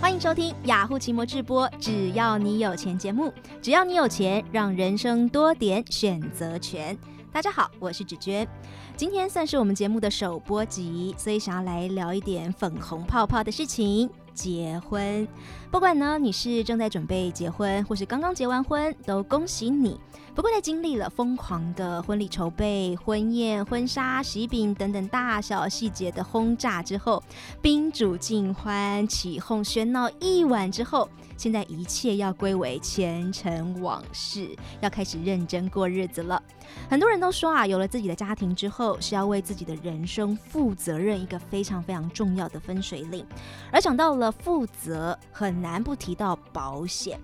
歡迎收聽雅虎奇摩直播，只要你有錢節目，只要你有錢，讓人生多點選擇權。大家好，我是芷娟，今天算是我們節目的首播集，所以想要來聊一點粉紅泡泡的事情，結婚。不管呢你是正在準備結婚，或是剛剛結完婚，都恭喜你。不過，在經歷了瘋狂的婚禮籌備、婚宴、婚紗、喜餅等等大小細節的轟炸之後，賓主盡歡、起哄喧鬧一晚之後，現在一切要歸為前塵往事，要開始認真過日子了。很多人都說啊，有了自己的家庭之後，是要為自己的人生負責任，一個非常非常重要的分水嶺。而講到了負責，很難不提到保險。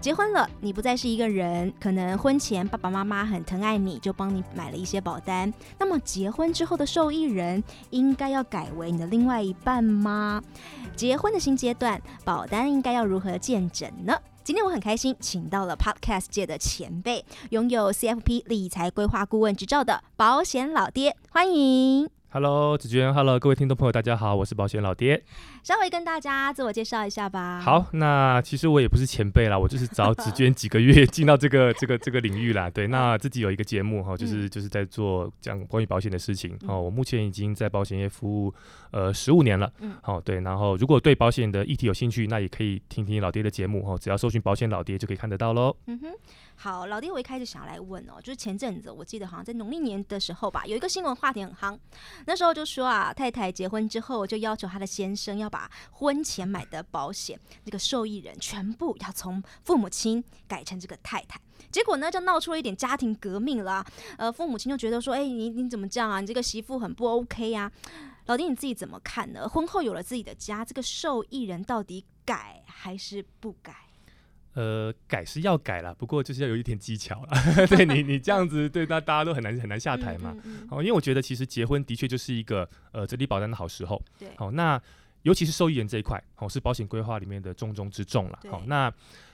結婚了，你不再是一個人，可能婚前。爸爸媽媽很疼愛你，就幫你買了一些保單。那麼結婚之後的受益人應該要改為你的另外一半嗎？結婚的新階段，保單應該要如何健檢呢？今天我很開心，請到了 Podcast 界的前輩，擁有 CFP 理財規劃顧問執照的保險老爹，歡迎。Hello，子娟，Hello，各位聽眾朋友，大家好，我是保險老爹。稍微跟大家自我介紹一下吧。好，那其實我也不是前輩啦，我就是找子娟幾個月進到這個 這個這個領域啦。對，那自己有一個節目哈、哦，就是就是在做講關於保險的事情、嗯、哦。我目前已經在保險業服務呃十五年了，嗯，好、哦、對。然後如果對保險的議題有興趣，那也可以聽聽老爹的節目哦，只要搜尋保險老爹就可以看得到嘍。嗯哼。好，老爹，我一開始想要來問哦，就是前陣子我記得好像在農曆年的時候吧，有一個新聞話題很夯，那時候就說啊，太太結婚之後就要求她的先生要把婚前買的保險這個受益人全部要從父母親改成這個太太，結果呢就鬧出了一點家庭革命啦，呃，父母親就覺得說，欸，你你怎麼這樣啊？你這個媳婦很不 OK 啊，老爹你自己怎麼看呢？婚後有了自己的家，這個受益人到底改還是不改？呃，改是要改了，不過就是要有一點技巧，啊。 對，你，你這樣子，對，那大家都很難 很難下台嘛。哦，嗯嗯嗯，因為我覺得其實結婚的確就是一個呃，整理保單的好時候。對，好那。尤其是受益人這一塊，好、哦、是保險規劃裡面的重中中之重了。好對、哦，那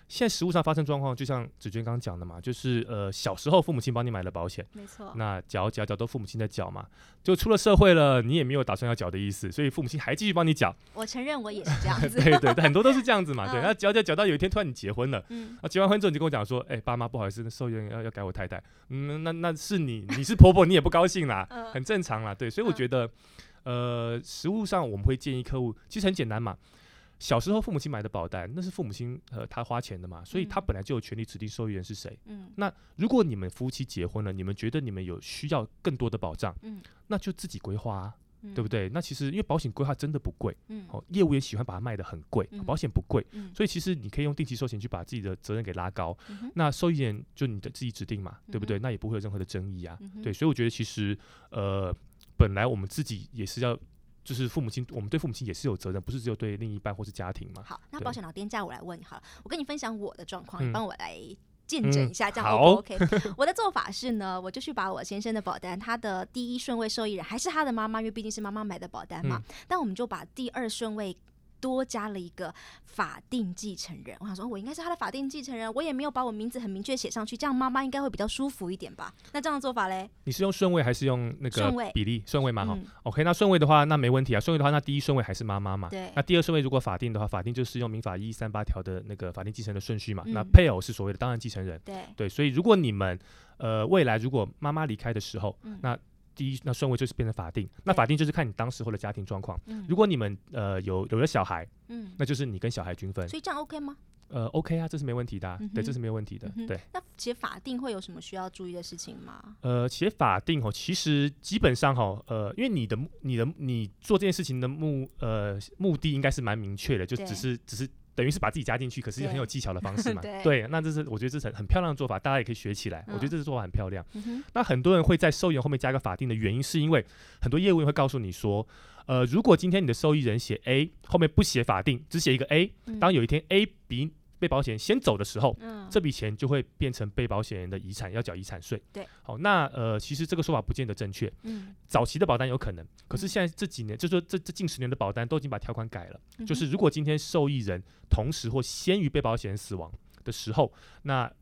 現在實務上發生狀況，就像子娟剛剛講的嘛，就是呃，小時候父母親幫你買了保險，沒錯錯，那繳繳繳都父母親在繳嘛，就出了社會了，你也沒有打算要繳的意思，所以父母親還繼續幫你繳。我承認我也是這樣子。 對、對對，很多都是這樣子嘛。對，那繳繳繳到有一天突然你結婚了，嗯結完婚之後你就跟我講說，哎、欸，爸媽不好意思，那受益人要要改我太太。嗯，那那是你，你是婆婆， 你也不高興啦，嗯、很正常啦。對，所以我覺得。嗯呃，實務上我們會建議客戶，其實很簡單嘛。小時候父母親買的保單，那是父母親呃他花錢的嘛，所以他本來就有權利指定受益人是誰。嗯、那如果你們夫妻結婚了，你們覺得你們有需要更多的保障，嗯、那就自己規劃啊，嗯、對不對？那其實因為保險規劃真的不貴，嗯，哦，業務員喜歡把它賣得很貴，嗯、保險不貴，嗯、所以其實你可以用定期壽險去把自己的責任給拉高。嗯、哼那受益人就你的自己指定嘛，嗯、哼對不對？那也不會有任何的爭議啊。嗯、哼對，所以我覺得其實呃。本來我們自己也是要，就是父母親，我們對父母親也是有責任，不是只有對另一半或是家庭嘛。好，那保險老爹家對我來問你好了，我跟你分享我的狀況，嗯、你幫我來見證一下，嗯、這樣 O 不 OK？ 我的做法是呢，我就去把我先生的保單，他的第一順位受益人還是他的媽媽，因為畢竟是媽媽買的保單嘛。嗯、但我們就把第二順位。多加了一個法定繼承人，我想說我應該是他的法定繼承人，我也沒有把我名字很明確寫上去，這樣媽媽應該會比較舒服一點吧？那這樣的做法嘞？你是用順位還是用那個比例順位嘛？哈、嗯、OK，那順位的話那沒問題啊，順位的話那第一順位還是媽媽嘛？對，那第二順位如果法定的話，法定就是用民法一一三八條的那個法定繼承的順序嘛？嗯、那配偶是所謂的當然繼承人，對對，所以如果你們呃未來如果媽媽離開的時候，嗯、那第一，那順位就是變成法定。那法定就是看你當時候的家庭狀況。對如果你們呃有有了小孩，嗯、那就是你跟小孩均分。所以這樣 OK 嗎？呃，OK 啊，這是沒問題的、啊。嗯、哼對，這是沒有問題的。嗯、哼對。那寫法定會有什麼需要注意的事情嗎？呃，寫法定哦，其實基本上哈，呃，因為你的你的你做這件事情的目呃目的應該是蠻明確的，就只是對只是。只是等於是把自己加進去，可是很有技巧的方式嘛。對，對，對，那這是我覺得這是很，很漂亮的做法，大家也可以學起來。哦、我覺得這是做法很漂亮。嗯、哼那很多人會在受益人後面加個法定的原因，是因為很多業務員會告訴你說，呃，如果今天你的受益人寫 A，後面不寫法定，只寫一個 A，當有一天 A 比。被保險先走的時候，嗯、這筆錢就會變成被保險人的遺產，要繳遺產稅。對，好，那呃，其實這個說法不見得正確。嗯，早期的保單有可能，可是現在這幾年，嗯、就說這這近十年的保單都已經把條款改了，嗯、哼就是如果今天受益人同時或先於被保險人死亡的時候，那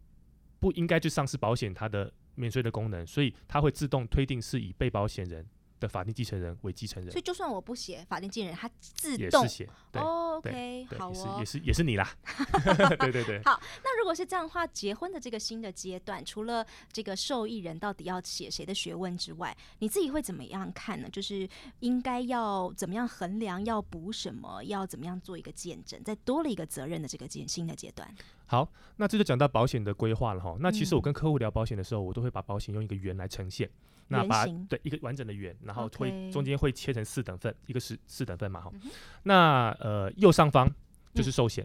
不應該去喪失保險它的免稅的功能，所以它會自動推定是以被保險人。的法定繼承人為繼承人，所以就算我不寫法定繼承人，他自動寫。也是寫，OK，好哦，也是也是,也是你啦。 對對對。好，那如果是這樣的話，結婚的這個新的階段，除了這個受益人到底要寫誰的學問之外，你自己會怎麼樣看呢？就是應該要怎麼樣衡量，要補什麼，要怎麼樣做一個見證，再多了一個責任的這個新的階段。好，那這就講到保險的規劃了哈。那其實我跟客戶聊保險的時候，我都會把保險用一個圓來呈現。嗯那把對一個完整的圓，然後會中間會切成四等份，一個是四等份嘛，好，那呃右上方就是壽險，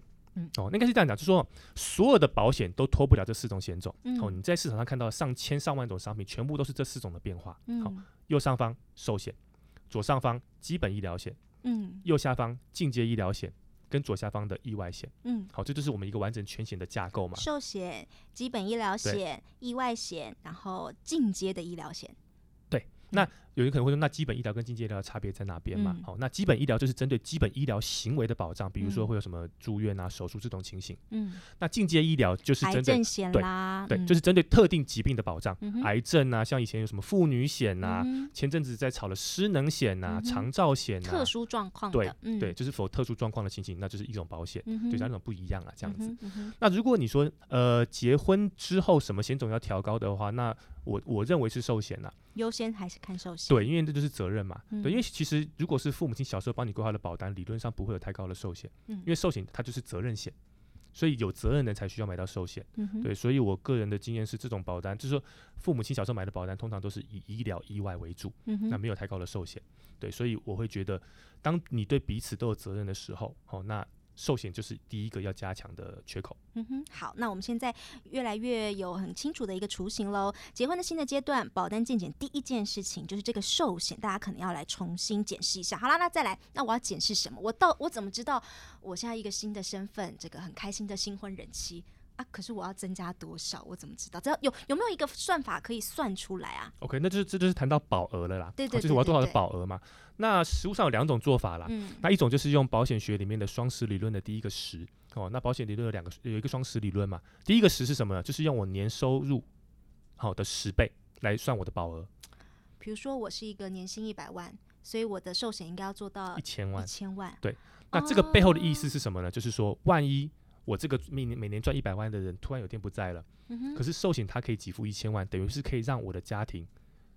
哦，應該是這樣講，就說所有的保險都脫不了這四種險種，哦，你在市場上看到上千上萬種商品，全部都是這四種的變化，好，右上方壽險，左上方基本醫療險，嗯，右下方進階醫療險跟左下方的意外險，嗯，好，這就是我們一個完整全險的架構嘛，壽險、基本醫療險、意外險，然後進階的醫療險。那有人可能會說，那基本醫療跟進階醫療差別在哪邊嘛？好，那基本醫療就是針對基本醫療行為的保障，比如說會有什麼住院啊、手術這種情形。嗯，那進階醫療就是針對、對，對，就是針對特定疾病的保障，癌症啊，像以前有什麼婦女險啊，前陣子在炒的失能險啊、長照險。特殊狀況。對對，就是否特殊狀況的情形，那就是一種保險，就兩種不一樣了這樣子。那如果你說呃結婚之後什麼險種要調高的話，那我我認為是壽險了。優先還是看壽險？對，因為這就是責任嘛。嗯、對，因為其實如果是父母親小時候幫你規劃的保單，理論上不會有太高的壽險，嗯、因為壽險它就是責任險，所以有責任的人才需要買到壽險。嗯、哼對，所以我個人的經驗是，這種保單就是說父母親小時候買的保單，通常都是以醫療、意外為主，嗯、哼那沒有太高的壽險。對，所以我會覺得，當你對彼此都有責任的時候，哦，那。壽險就是第一個要加強的缺口。嗯哼，好，那我們現在越來越有很清楚的一個雛形嘍。結婚的新的階段，保單健檢第一件事情就是這個壽險，大家可能要來重新檢視一下。好啦，那再來，那我要檢視什麼？我到我怎麼知道我現在一個新的身份？這個很開心的新婚人妻。啊！可是我要增加多少？我怎麼知道？只要有有沒有一個算法可以算出來啊？OK，那就是這就是談到保額了啦。對對，對，對，對，對，對、哦，就是我要多少的保額嘛？那實務上有兩種做法啦。嗯，那一種就是用保險學裡面的雙十理論的第一個十哦。那保險理論有兩個，有一個雙十理論嘛。第一個十是什麼呢？就是用我年收入好的十倍來算我的保額。比如說我是一個年薪一百萬，所以我的壽險應該要做到一千萬。一千萬。對。那這個背後的意思是什麼呢？哦、就是說，萬一。我這個每年每年賺一百萬的人，突然有天不在了，嗯、哼可是壽險它可以給付一千萬，等於是可以讓我的家庭，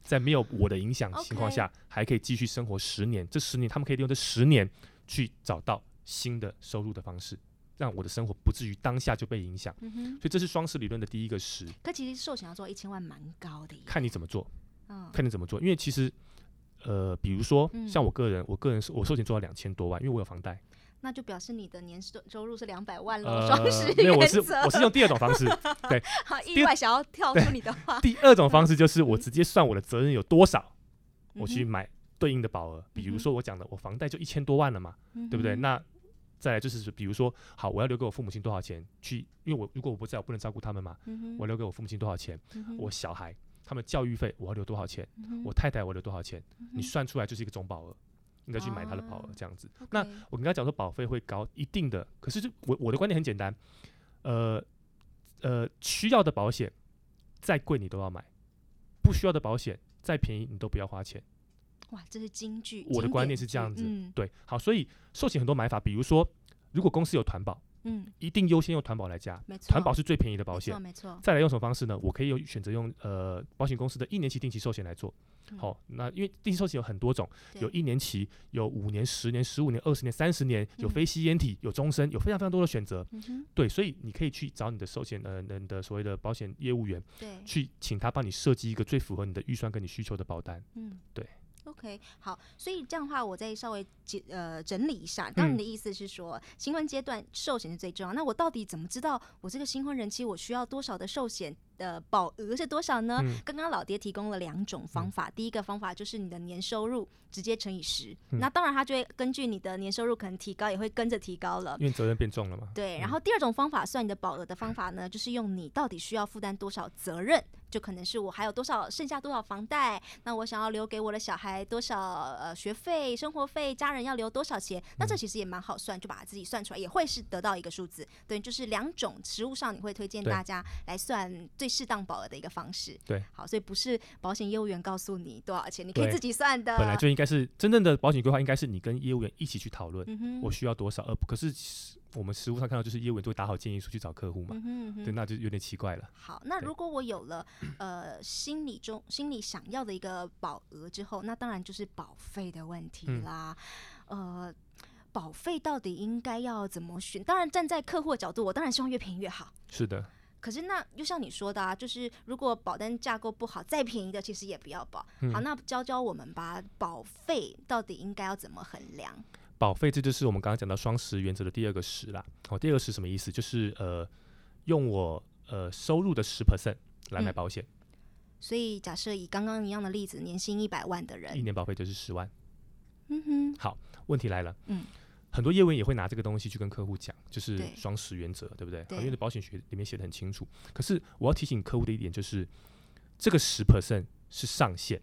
在沒有我的影響情況下，還可以繼續生活十年。嗯 okay、這十年，他們可以利用這十年去找到新的收入的方式，讓我的生活不至於當下就被影響。嗯、哼所以這是雙十理論的第一個十。可其實壽險要做一千萬蠻高的，看你怎麼做，哦、看你怎麼做。因為其實，呃，比如說、嗯、像我個人，我個人是我壽險做了兩千多萬，因為我有房貸。那就表示你的年收收入是兩百萬了，雙十原則。我是，我是用第二種方式，對。好，意外想要跳出你的話，第二種方式就是我直接算我的責任有多少，我去買對應的保額。比如說我講的，我房貸就一千多萬了嘛，對不對？那再來就是比如說，好，我要留給我父母親多少錢？去，因為我如果我不在，我不能照顧他們嘛。我留給我父母親多少錢？我小孩他們教育費我要留多少錢？我太太我留多少錢？你算出來就是一個總保額。應該去買他的保額，啊，這樣子。Okay 那我跟他講說，保費會高一定的，可是這我，我的觀點很簡單，呃呃，需要的保險再貴你都要買，不需要的保險再便宜你都不要花錢。哇，這是金句。我的觀念是這樣子，金點子。嗯，對，好，所以壽險很多買法，比如說，如果公司有團保。嗯，一定優先用團保來加，團錯保是最便宜的保險，沒錯。再來用什麼方式呢？我可以有選擇用呃，保險公司的一年期定期壽險來做，好、嗯，那因為定期壽險有很多種，對有一年期、有五年、十年、十五年、二十年、三十年，有非吸菸體、嗯、有終身，有非常非常多的選擇，嗯、哼對，所以你可以去找你的壽險呃的所謂的保險業務員，對，去請他幫你設計一個最符合你的預算跟你需求的保單，嗯，對。OK，好，所以這樣的話，我再稍微解呃整理一下。當然你的意思是說，嗯、新婚階段壽險是最重要。那我到底怎麼知道我這個新婚人妻我需要多少的壽險？的、呃、保額是多少呢？剛剛、嗯、老爹提供了兩種方法，嗯、第一個方法就是你的年收入直接乘以十、嗯，那當然他就會根據你的年收入可能提高，也會跟着提高了，因為責任變重了嘛。對，然後第二種方法算你的保額的方法呢，嗯、就是用你到底需要負擔多少責任，就可能是我還有多少剩下，多少房貸，那我想要留給我的小孩多少呃學費、生活費，家人要留多少錢？那這其實也蠻好算，就把它自己算出來，也會是得到一個數字。對，就是兩種實務上，你會推薦大家來算最適當保額的一個方式，對，好，所以不是保險業務員告訴你多少錢，你可以自己算的。本來就應該是真正的保險規劃，應該是你跟業務員一起去討論，嗯、哼我需要多少。呃，可是我們實務上看到，就是業務員都會打好建議書去找客戶嘛，嗯哼嗯哼對，那就有點奇怪了。好，那如果我有了對呃心理中心理想要的一個保額之後，那當然就是保費的問題啦。嗯、呃，保費到底應該要怎麼選？當然站在客戶的角度，我當然希望越便宜越好。是的。可是那就像你說的啊，就是如果保單架構不好，再便宜的其實也不要保。嗯、好，那教教我們吧，保費到底應該要怎麼衡量？保費這就是我們剛剛講到雙十原則的第二個十啦。哦，第二個十什麼意思？就是呃，用我呃收入的十 percent 來買保險，嗯。所以假設以剛剛一樣的例子，年薪一百萬的人，一年保費就是十萬。嗯哼。好，問題來了。嗯。很多業務員也會拿這個東西去跟客戶講，就是雙十原則，對，對不對？對啊，因為保險學裡面寫的很清楚。可是我要提醒客戶的一點就是，這個十 percent 是上限。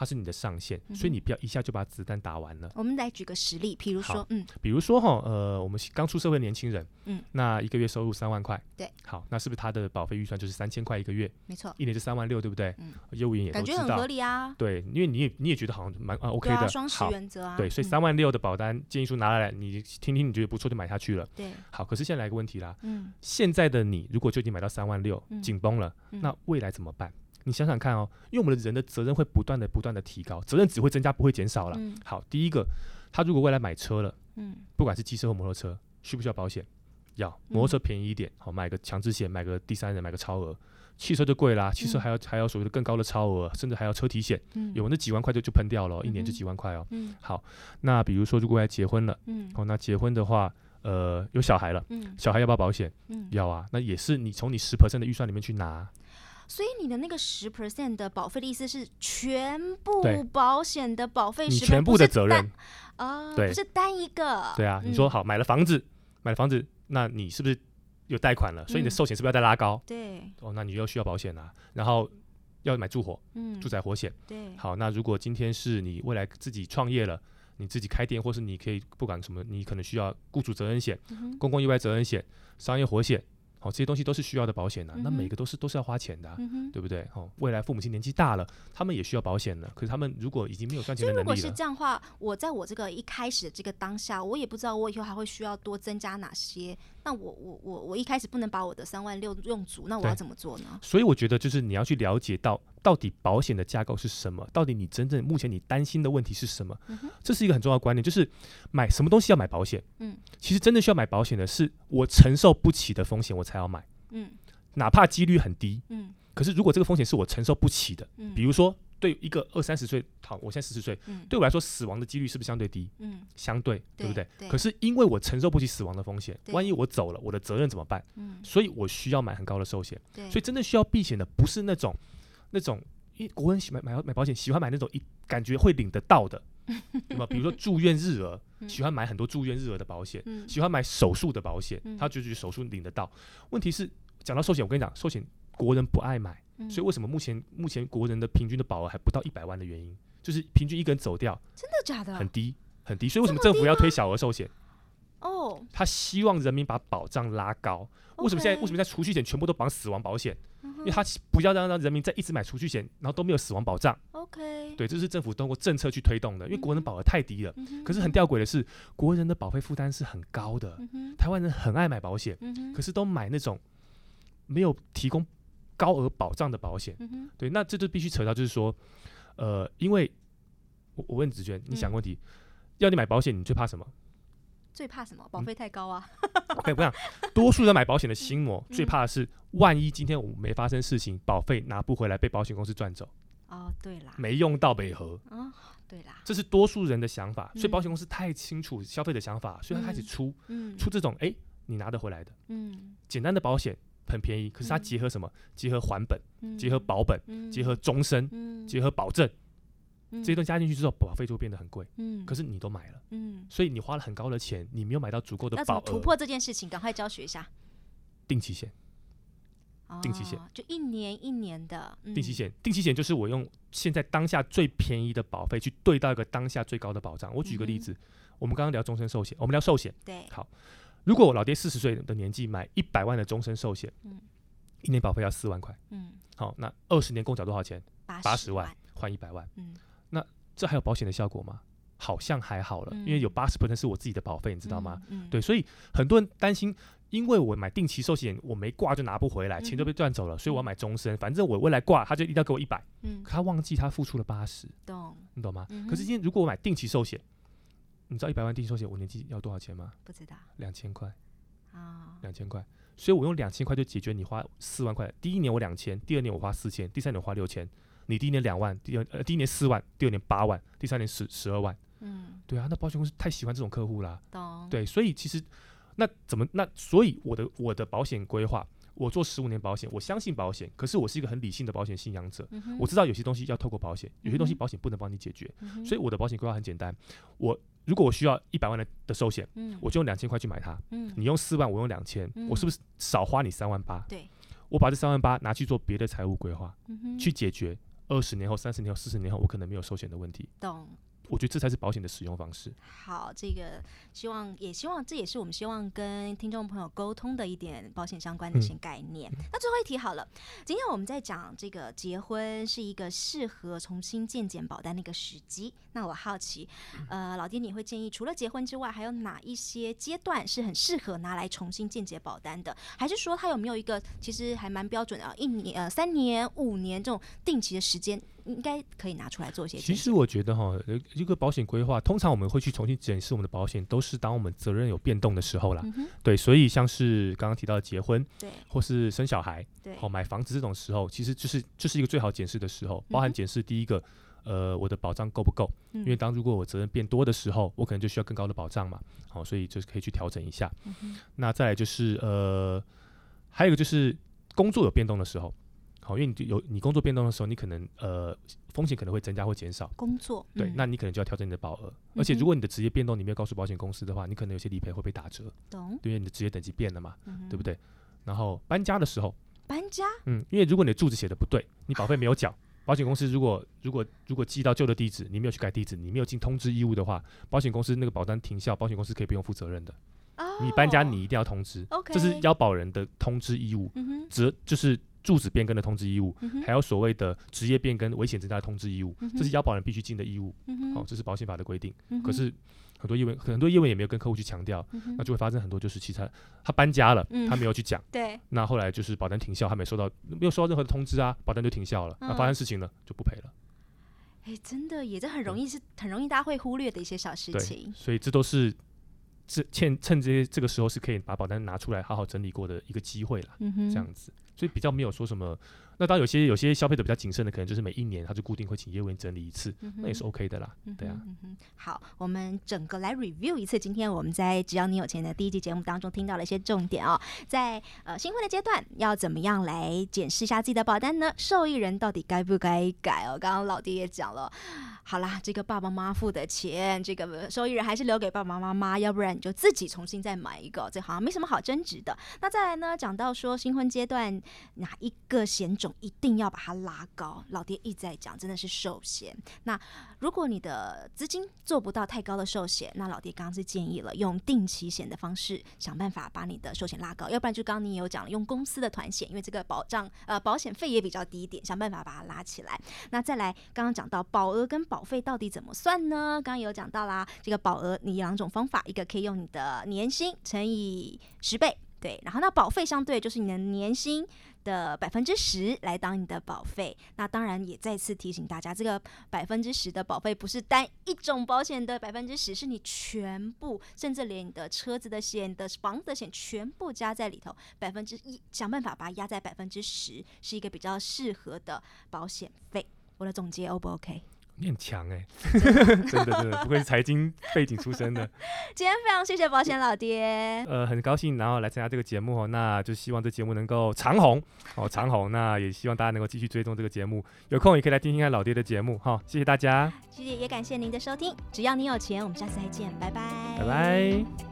它是你的上限，所以你不要一下就把子彈打完了。我們來舉個實例，比如說，嗯，比如說哈，呃，我們剛出社會的年輕人，嗯，那一個月收入三萬塊，對，好，那是不是他的保費預算就是三千塊一個月？沒錯，一年是三萬六，對不對？嗯，業務員也感覺很合理啊，對，因為你也你也覺得好像蠻 OK 的，雙十原則啊，對，所以三萬六的保單建議書拿來，你聽聽你覺得不錯就買下去了，對，好，可是現在來一個問題啦，嗯，現在的你如果就已經買到三萬六，緊繃了，那未來怎麼辦？你想想看哦，因為我們的人的責任會不斷的、不斷的提高，責任只會增加，不會減少了。嗯、好，第一個，他如果未來買車了，嗯、不管是機車和摩托車，需不需要保險？要。摩托車便宜一點，好，買個強制險，買個第三人，買個超額。汽車就貴啦，汽車還有還有所謂的更高的超額，甚至還有車體險。嗯、有那幾萬塊就就噴掉了，嗯、一年就幾萬塊哦。嗯嗯、好，那比如說如果要結婚了，好、嗯哦，那結婚的話，呃，有小孩了，嗯、小孩要不要保險？嗯、要啊。那也是你從你十 percent 的預算裡面去拿。所以你的那個十 percent 的保費的意思是全部保險的保費，你全部的責任啊，不是單一個。對啊，嗯、你說好買了房子，買了房子，那你是不是有貸款了？嗯、所以你的壽險是不是要再拉高？對，哦，那你又要需要保險啊，然後要買住火，嗯，住宅火險。對，好，那如果今天是你未來自己創業了，你自己開店，或是你可以不管什麼，你可能需要僱主責任險、嗯、哼公共意外責任險、商業火險。好、哦，這些東西都是需要的保險呢、啊，嗯、哼那每個都是都是要花錢的、啊，嗯、哼對不對？哦，未來父母親年紀大了，他們也需要保險的，可是他們如果已經沒有賺錢的能力了。如果是這樣的話，我在我這個一開始的這個當下，我也不知道我以後還會需要多增加哪些。那我我我我一開始不能把我的三萬六用足，那我要怎麼做呢？所以我覺得就是你要去了解到。到底保險的架構是什麼？到底你真正目前你擔心的問題是什麼？這是一個很重要的觀念，就是買什麼東西要買保險。嗯，其實真的需要買保險的是我承受不起的風險，我才要買。嗯，哪怕幾率很低。嗯，可是如果這個風險是我承受不起的，比如說對一個二三十歲，好，我現在四十歲，對我來說死亡的幾率是不是相對低？嗯，相對，對不對？對。可是因為我承受不起死亡的風險，萬一我走了，我的責任怎麼辦？嗯，所以我需要買很高的壽險。對。所以真的需要避險的不是那種。那種，一國人喜歡買保喜歡買保險，喜歡買那種一感覺會領得到的，那麼 比如說住院日額，嗯、喜歡買很多住院日額的保險，嗯、喜歡買手術的保險，他就覺得手術領得到。問題是，講到壽險，我跟你講，壽險國人不愛買，嗯、所以為什麼目前目前國人的平均的保額還不到一百萬的原因，就是平均一個人走掉，真的假的？很低很低，所以為什麼政府要推小額壽險？哦，他希望人民把保障拉高。Oh. 為什麼現在 Okay. 為什麼在儲蓄險全部都綁死亡保險？因為他不要讓讓人民再一直買儲蓄險，然後都沒有死亡保障。OK，對，這是政府通過政策去推動的。因為國人保額太低了，嗯、哼可是很吊詭的是，國人的保費負擔是很高的。嗯、哼台灣人很愛買保險，嗯、哼可是都買那種沒有提供高額保障的保險。嗯、哼對，那這就必須扯到，就是說，呃，因為我我問你子軒，你想個問題，嗯、要你買保險，你最怕什麼？最怕什麼？保費太高啊！我跟你講。多數人買保險的心魔，最怕的是萬一今天我們沒發生事情，保費拿不回來，被保險公司賺走。哦，對啦。沒用到北河。啊，對啦。這是多數人的想法，所以保險公司太清楚消費的想法，所以他開始出出這種哎，你拿得回來的。嗯。簡單的保險很便宜，可是它結合什麼？結合還本，結合保本，結合終身，結合保證。這一段加進去之後，保費就會變得很貴。嗯，可是你都買了。嗯，所以你花了很高的錢，你沒有買到足夠的保額。那怎麼突破這件事情？趕快教學一下。定期險，定期險就一年一年的。定期險，定期險就是我用現在當下最便宜的保費去兌到一個當下最高的保障。我舉個例子，我們剛剛聊終身壽險，我們聊壽險。對。好，如果我老爹四十歲的年紀買一百萬的終身壽險，嗯，一年保費要四萬塊。嗯。好，那二十年共繳多少錢？八十萬換一百萬。嗯。這還有保險的效果嗎？好像還好了，嗯、因為有八十%是我自己的保費，你知道嗎？嗯嗯、對，所以很多人擔心，因為我買定期壽險，我沒掛就拿不回來，嗯、錢就被賺走了，所以我要買終身，反正我未來掛他就一定要給我一百、嗯。可他忘記他付出了八十。懂，你懂嗎？嗯、哼可是今天如果我買定期壽險，你知道一百萬定期壽險五年期要多少錢嗎？不知道。兩千塊。啊、哦。兩千塊，所以我用兩千塊就解決你花四萬塊。第一年我兩千，第二年我花四千，第三年我花六千。你第一年兩萬，第二第一年四萬，第二年八萬，第三年十十二萬。嗯，對啊，那保險公司太喜歡這種客戶啦。懂對，所以其實那怎麼那所以我的我的保險規劃，我做十五年保險，我相信保險，可是我是一個很理性的保險信仰者。嗯、哼我知道有些東西要透過保險，有些東西保險不能幫你解決。嗯、哼所以我的保險規劃很簡單，我如果我需要一百萬的的壽險，嗯、我就用兩千塊去買它。嗯、你用四萬，我用兩千、嗯，我是不是少花你三萬八？對。我把這三萬八拿去做別的財務規劃，嗯、哼去解決。二十年後、三十年後、四十年後，我可能沒有壽險的問題。懂。我覺得這才是保險的使用方式。好，這個希望也希望這也是我們希望跟聽眾朋友溝通的一點保險相關的一些概念。嗯、那最後一題好了，今天我們在講這個結婚是一個適合重新健檢保單的一個時機。那我好奇，嗯、呃，老爹你會建議除了結婚之外，還有哪一些階段是很適合拿來重新健檢保單的？還是說它有沒有一個其實還蠻標準的啊，一年、呃，三年、五年這種定期的時間？應該可以拿出來做些。其實我覺得哈、哦，一個保險規劃，通常我們會去重新檢視我們的保險，都是當我們責任有變動的時候啦。嗯、哼對，所以像是剛剛提到結婚，對，或是生小孩，對，哦，買房子這種時候，其實就是就是一個最好檢視的時候。包含檢視第一個，嗯、哼呃，我的保障夠不夠？因為當如果我責任變多的時候，我可能就需要更高的保障嘛。好、哦，所以就是可以去調整一下。嗯、哼那再來就是呃，還有一個就是工作有變動的時候。因為你有你工作變動的時候，你可能呃風險可能會增加或減少。工作對，那你可能就要調整你的保額。而且如果你的職業變動，你沒有告訴保險公司的話，你可能有些理賠會被打折。懂。因為你的職業等級變了嘛，對不對？然後搬家的時候，搬家，嗯，因為如果你的住址寫的不對，你保費沒有繳，保險公司如果如果如果寄到舊的地址，你沒有去改地址，你沒有盡通知義務的話，保險公司那個保單停效，保險公司可以不用負責任的。你搬家你一定要通知，OK，這是要保人的通知義務，責就是。住址變更的通知義務，還有所謂的職業變更、危險增加的通知義務，這是要保人必須盡的義務。好，這是保險法的規定。可是很多業務很多業務也沒有跟客戶去強調，那就會發生很多就是其他他搬家了，他沒有去講。對。那後來就是保單停效，他沒收到，沒有收到任何的通知啊，保單就停效了，那發生事情呢就不賠了。真的也這很容易是很容易大家會忽略的一些小事情。所以這都是這趁趁這些這個時候是可以把保單拿出來好好整理過的一個機會了。嗯，這樣子。所以比較沒有說什麼。那當有些有些消費者比較謹慎的，可能就是每一年他就固定會請業務員整理一次，嗯、哼那也是 OK 的啦。嗯、哼對啊，好，我們整個來 review 一次，今天我們在《只要你有錢》的第一集節目當中聽到了一些重點哦，在呃新婚的階段要怎麼樣來檢視一下自己的保單呢？受益人到底該不該改哦？剛剛老爹也講了，好啦，這個爸爸媽媽付的錢，這個受益人還是留給爸爸媽媽嗎？要不然你就自己重新再買一個，這好像沒什麼好爭執的。那再來呢，講到說新婚階段哪一個險種？一定要把它拉高，老爹一直在講，真的是壽險。那如果你的資金做不到太高的壽險，那老爹剛剛是建議了，用定期險的方式想辦法把你的壽險拉高，要不然就剛剛你有講用公司的團險，因為這個保障呃保險費也比較低一點，想辦法把它拉起來。那再來剛剛講到保額跟保費到底怎麼算呢？剛剛有講到啦，這個保額你兩種方法，一個可以用你的年薪乘以十倍。對，然後那保費相對就是你的年薪的百分之十來當你的保費。那當然也再次提醒大家，這個百分之十的保費不是單一種保險的百分之十，是你全部，甚至連你的車子的險、的房子的險全部加在裡頭，百分之一想辦法把它壓在百分之十，是一個比較適合的保險費。我的總結，O 不 OK？勉強哎，真的真的不愧是財經背景出身的。 今天非常謝謝保險老爹，呃，很高興然後來參加這個節目哦，那就希望這節目能夠長紅哦長紅，那也希望大家能夠繼續追蹤這個節目，有空也可以來聽聽看老爹的節目哈、哦，謝謝大家，謝謝也感謝您的收聽，只要你有錢，我們下次再見，拜拜，拜拜。